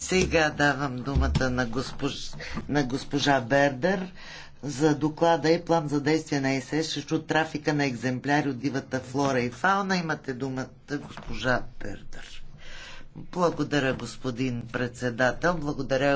Сега давам думата на, госпож... на госпожа Бердер за доклада и план за действие на ЕСЕ срещу трафика на екземпляри от дивата флора и фауна. Имате думата, госпожа Бердер. Благодаря, господин председател. Благодаря,